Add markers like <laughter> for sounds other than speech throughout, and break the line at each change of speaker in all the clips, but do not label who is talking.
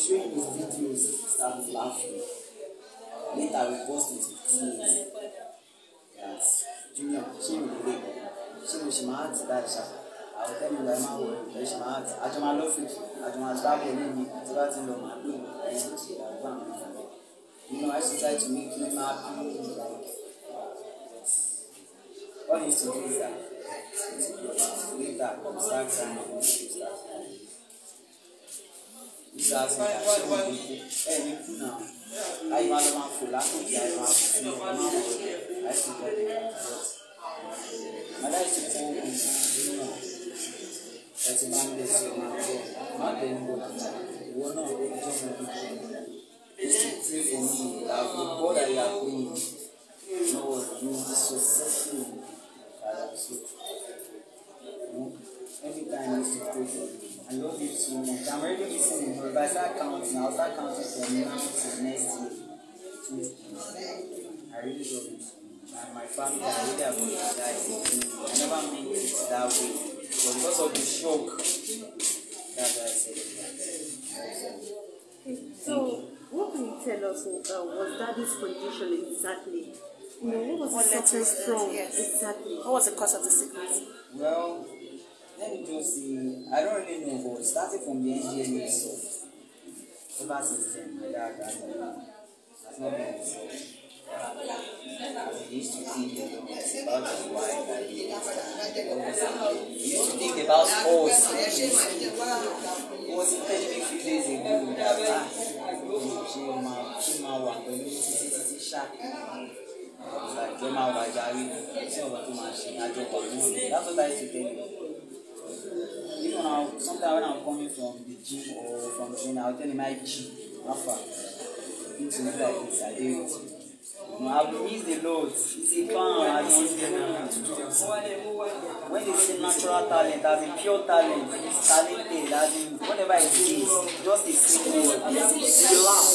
showing his videos start laughing later we burst into tears that junior ṣé mi lè ṣé mo ṣe máa ti báyìí ṣá àwọn tẹ́lẹ̀ ìgbà máa wọ ẹ̀ ṣe máa ti àjọ máa lọ́fíìsì àjọ máa gbábọ̀ níbi àti bá ti lọ máa lò ẹ̀yìn tó ṣe àgbà mi fún mi you know I should try to make him happy like all he used to do is that later start time and he used to start ìsàsì ìdásíwò ní ẹ ní kùnà àyíwá ló máa fò látòkè àyíwá fún ọmọ àwọn ọ̀rẹ́ láìsí ìdọ́dẹ mọ̀lá ìsìnkú ogun nínú ọ̀ ẹ ti máa ń lè sí ọmọ àgbẹ̀ má lè ń bọ̀ ìwọ náà ó jẹ́ ọmọ tuntun it's the pray for me that the God I am praying Lord you will be successful by your soul every time you need to pray for me. I love not give much. I'm already listening for Basa counting. I'll start counting from now to next year. I really love it. And my family, I really apologize. I never meant it that way. But because of the shock, that's why I said it. so, what can you tell us uh, was daddy's condition exactly?
You know, what was he suffering from? Yes.
Exactly. What was the cause of the sickness? Well, Let me just see. I don't really know, but starting from the NGN itself, solar system, my that has not been resolved. We used to think about his wife used to think about us. It was a few days ago that Chima, Chima wà pẹ̀lú títí títí ṣá. Ìjọ máa wà járe tí ọ̀rọ̀ tó máa ṣe àjọpọ̀ lónìí. That's what I used to tell you when I sometimes when I'm coming from the gym or from training, I'll tell him I gym Alpha. It's not like this. I do it. I've missed a lot. It's a clown. I don't know. When they say natural talent, as in pure talent, it's talented, as in whatever it is, just a simple word. Relax.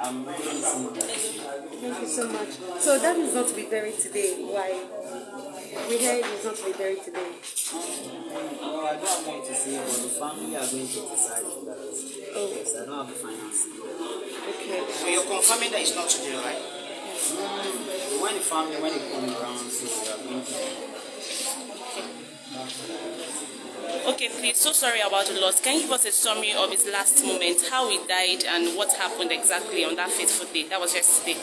I'm really Thank you so much. So that is what be buried today. Why? We heard
he's not to be buried today. Well,
I don't want to see him, but the family are going to decide on that. Oh. Yes, I don't have the finances. Okay. So you're confirming that it's not today, right? Yes. Mm. When the family, when they come around, so they are going to... Okay,
please, so sorry about the loss. Can you give us a summary of his last moment, how he died and what happened exactly on that fateful day? That was yesterday.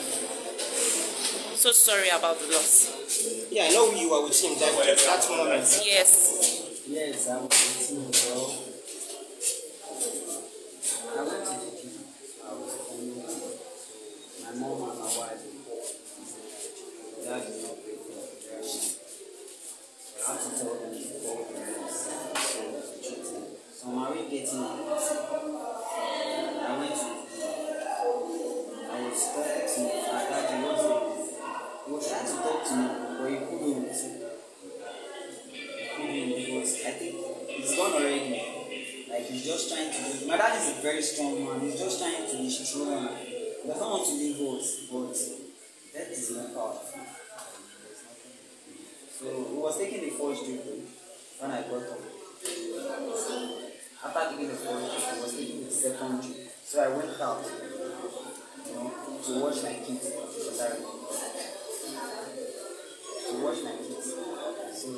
So sorry about the loss.
Yeah, I know you are. with him that, that moment. Yes. Yes, I'm with him, bro. I went to the gym. I was with My mom and my wife. Dad did not pay I had to tell them before So, cheating. So, my getting I went to I was talking to my dad. He was trying to talk to me. strong man. He's just trying to be strong. He doesn't want to leave us, but that is not part. So he was taking the first dribble when I got up. After taking the first dribble, he was taking the second dribble. So I went out, you know, to watch my kids. Sorry. To watch my kids. So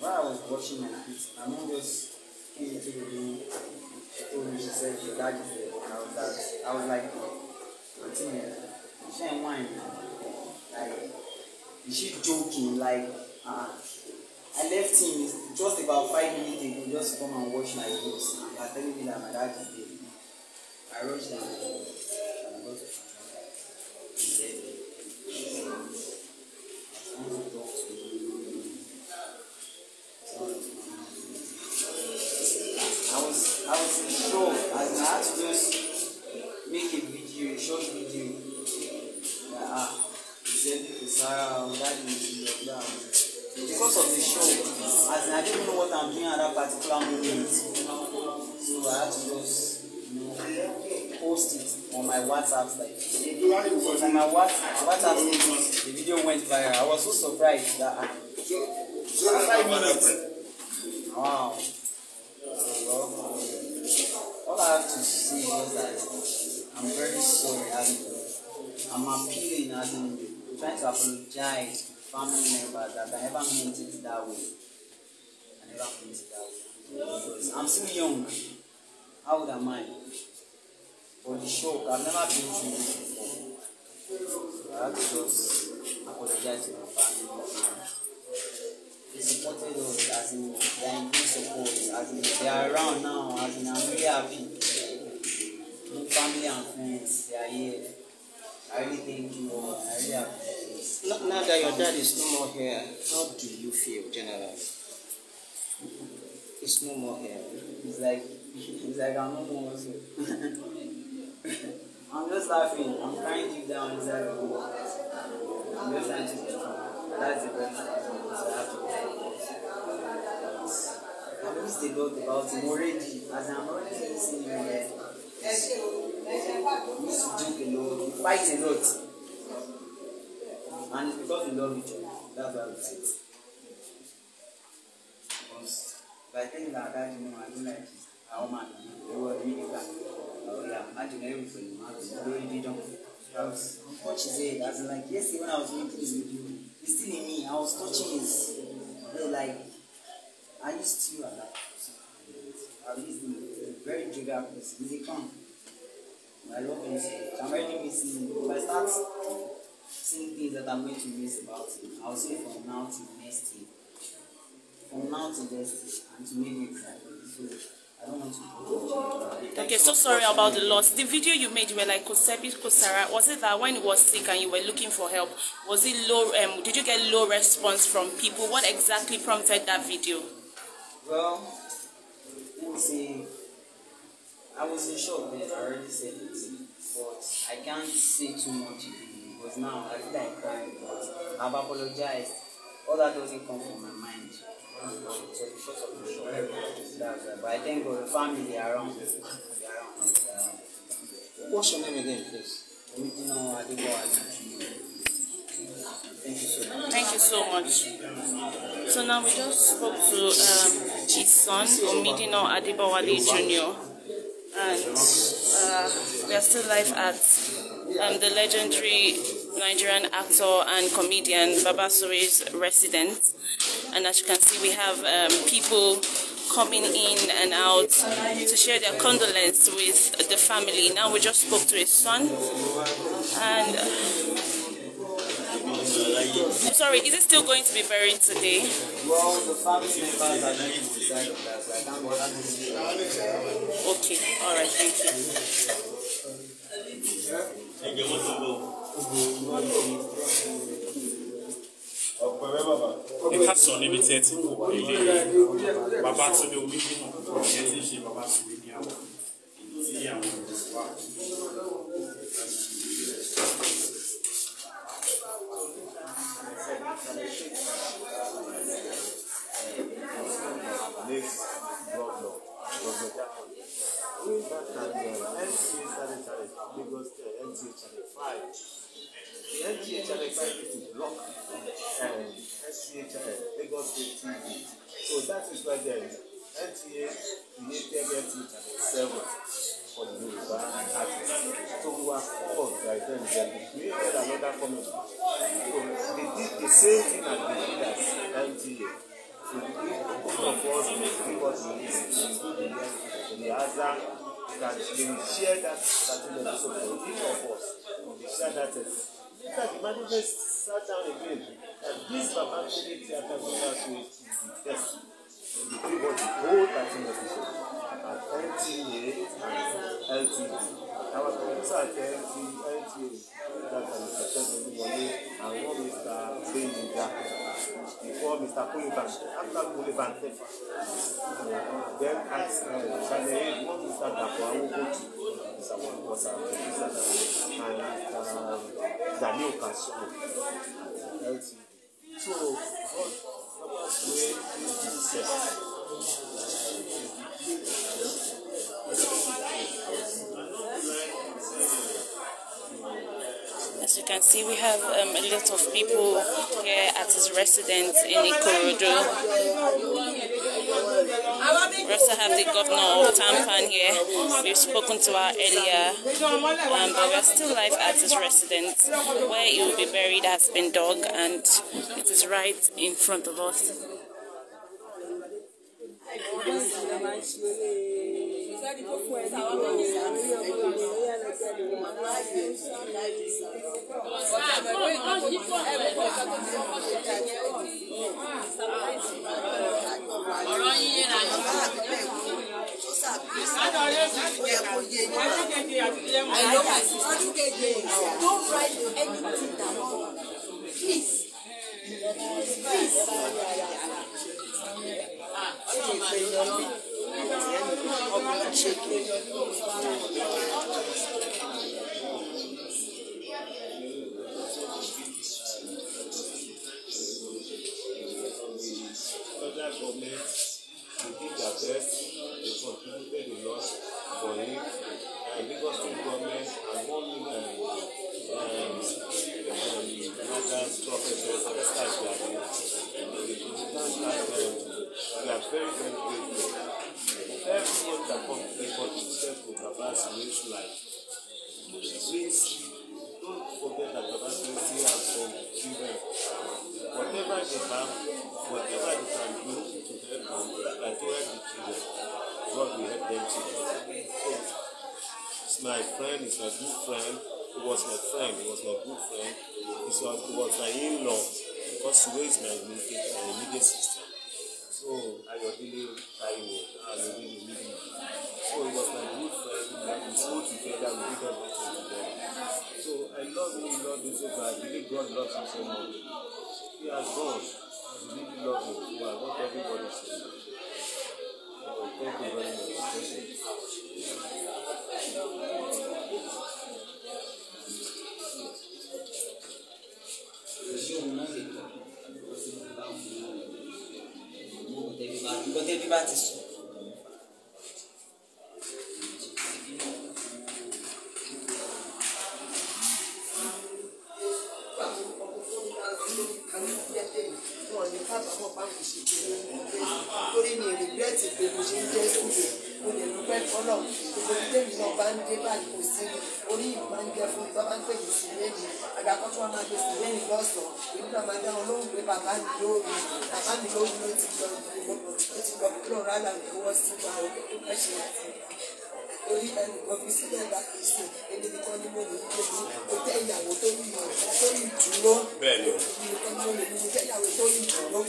while I was watching my kids, I mom just came into the room She told me, she said, your dad is there. I was, that, I was like, Auntie, she ain't wine. Like, is she joking? Like, uh, I left him just about five minutes ago just to come and wash my clothes. And they are telling me that my dad is there. I rushed down. um, that is um, because of the show as in I didn't know what I'm doing at that particular moment so I had to just you know, post it on my WhatsApp like so on my WhatsApp the video went viral I was so surprised that I, ah, after five minutes wow all I have to say is that I'm very sorry and I'm appealing as in trying to apologize to family members that I never meant it that way. I never meant it that way. Because I'm still young. How old am I? For the shock, I've never been to this before. I have to just apologize to my family members. They supported us as in they are in good support, as in they are around now, as in I'm really happy. My family and friends, they are here. I really thank you all. I really appreciate Not now that your dad is no more here, how do you feel generally? He's no more here. He's like he's like I'm no more also. <laughs> I'm just laughing. I'm crying deep down inside the book. I'm just trying to get strong. That's the best I have to get I missed the lot about him already, as I'm already seeing him already. I used to drink a lot, fight fights a lot. And it's because we love each other. That's why we sit. Because by the time that dad knew I didn't like it, our man, they were really bad. Oh yeah, imagine everything. Imagine really didn't. Because what she said, I was like, yesterday when I was making this with you, it's still in me. I was touching his. They're like, I used to you at that. I used to very trigger person. He's a con. My love him. I'm already missing. If I start same things that I'm going to miss about it. I'll say from now to next year. From now to next year and to make me cry. So I don't want to Okay, so sorry about the
loss. The video you made, you were like Kosebi Kosara. Was it that when you was sick and you were looking for help, was it low? Um, did you get low response from people? What exactly prompted that video?
Well, let me see. I was in shock, but I already said it. But I can't say too much but now, I feel like I've apologized. All that doesn't come from my mind. So because of the But I thank God, the family around. Uh,
What's your name again, please? Thank you so much. So now we just spoke to um, his son, Omidino Adibawale Jr. And uh, we are still live at um, the legendary Nigerian actor and comedian Babasuri's residence. And as you can see, we have um, people coming in and out to share their condolence with the family. Now we just spoke to his son and...
I'm
sorry, is it still going to be buried today?
are Okay, alright, thank you. ẹ̀jẹ̀ mọ́tò ń bọ̀. ọ̀pẹ̀ rẹ bàbá. ẹ ká
sọ níbi tí ẹ ti ń wò wá ilé bàbá tó lé orí mímọ́ ẹ
seven for the Yoruba artist. So we were called by them then we created another comedy. So they did the same thing as they did at MTA. So the people of us may give us including in the other that they will share that certain episode for each of us. They share that episode.
Later the management sat down again and this Baba Fele theatre was to the best. So they gave us the whole 13 episode at NTA and LTV. Our parents at NTA that are Mr. Wole and one Mr. Benjiga before Mr. Kuliban.
After Kuliban left, then at Channel 8, one Mr. Dapo Awogoti, Mr. Wole was our producer and Mr. Daniel Kassomo at LTV. So, God, help us way to Jesus.
you can see, we have um, a lot of people here at his residence in Ikorodu.
We also have the governor of
Tampan here. We've spoken to her earlier, um, but we're still live at his residence where he will be buried has been dug and it is right in front of us.
Yes. my friend, he's my good friend, he was my friend, he was my good friend, he was, he was my in-law because Suwe is my immediate, my immediate sister. So I Táíwò Ayọ̀délé Mídì. So he was my good friend, like we school together, we did everything together. So I love him, he loved me so bad, I believe God loves him so much. He has gone. I really love him, so I want everybody to know.
Thank you very much. Thank you. Ìgbọ́n
ń dé báyìí kò sí ni orí ìlú máa ń jẹ fún mi bá bá ń pè mí sí lẹ́yìn àgbàkọ́ tí wọ́n máa gbé sí lẹ́yìn lọ́sọ̀ọ́ èmi náà máa dáhùn lóhùn pé bàbá mi yóò rí bàbá mi yóò rí ló ti lọ ló ti lọ kúrò rárá ìwọ sí wa o ẹ ṣe orí ẹnu kan fi sílẹ̀ bá kì í ṣe èmi nìkan ni mo lè ní lójú mo jẹ́ ìyàwó tó ní ìmọ̀ tó ní ìdúró èmi ni mo lè ní mo jẹ́ ìyàwó tó ní ìdúró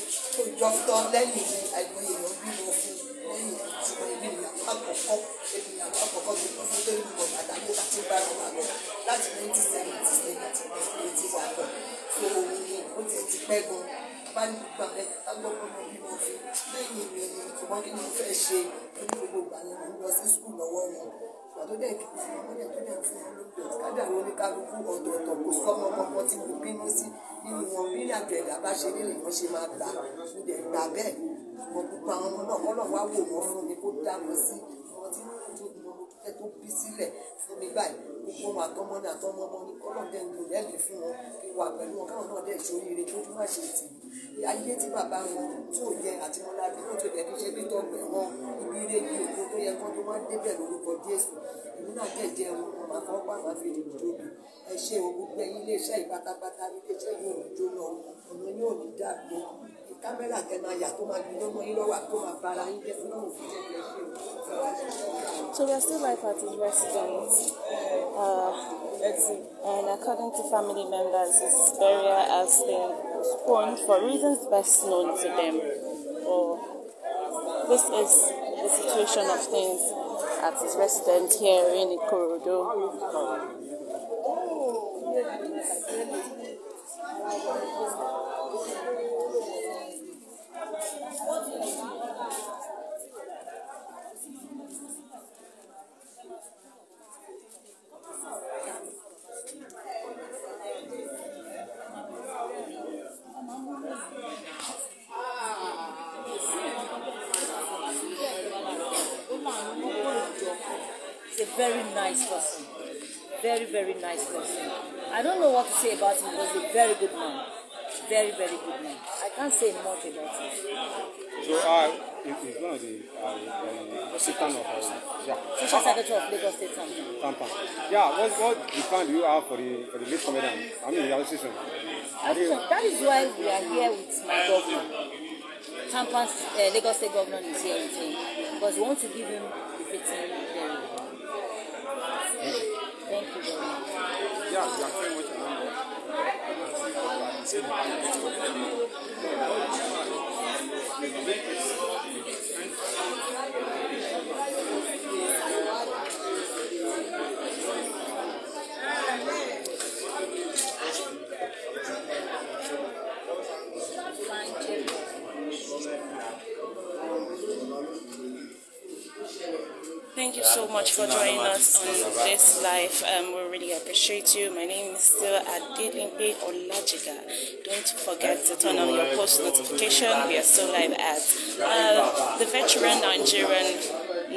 kádàrú oníkálukú ọ̀tọ̀ọ̀tọ̀ kò sọ́mọ kankan tí mo bínú sí nínú wọn bí ìrìnàjò ẹ̀dá bá ṣe nílé wọn ṣe máa gbà mo dẹ̀ gbà bẹ́ẹ̀ mo gbogbo àwọn ọmọ náà kọ́ náà wò wọ́n fún mi kó dá sí ọtí tó ẹ tó bí sílẹ̀ fún mi báyìí gbogbo wọn àtọmọ ní àtọmọ ọmọ ní kọlọ́n dẹ́n ló lẹ́lẹ̀ fún wọn kí pẹ̀lú wọn káwọn náà dẹ̀ ṣoríire tó tún má ṣe tì í ayé tí bàbá wọn tó yẹ àti wọn lábí wọn tó yẹ kí ṣe pété ọgbẹ wọn ibi ilé ní òkú tó yẹ kán tó má débẹ̀ lórúkọ Jésù èmi náà kẹ̀ jẹ́ wọn wọn máa fọwọ́ pàmò àfi ìdìbò lóbi ẹ ṣe òkú gbẹ̀yìn iléeṣẹ́ ìpátápátá iléeṣẹ́ yóò jóná ọ̀nà yóò ní dàgbò So
we are still life at his residence. Uh, and according to family members, his burial has been postponed for reasons best known to them. Oh, this is the situation of things at his residence here in Ikorodu.
very nice person. Very, very nice person. I don't know what to say
about him, but he's a very good man. Very, very good man. I can't say much about him. So, uh, he's one of the uh, uh Sultan of uh, yeah. Social Secretary of Lagos State Tampa. Tampa. Yeah, what, what demand do you have for the, for the late comedian? I mean, the assistant. That is why we are here with my governor. Tampa's uh, Lagos State governor is here with him because we want to give him the fitting yeah, you are playing with the number.
Thank you so much for joining us on this live. Um, appreciate you. My name is still Adelimpe Olajiga. Don't forget to turn on your post notification. We are still live at uh, the veteran Nigerian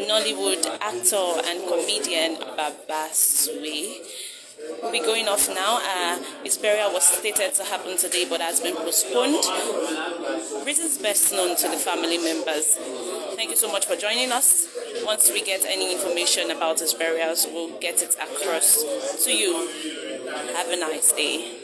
Nollywood actor and comedian Baba Sui will be going off now. Uh, his burial was stated to happen today but has been postponed. Reasons best known to the family members. Thank you so much for joining us. Once we get any information about his burials, we'll get it across to you. Have a nice day.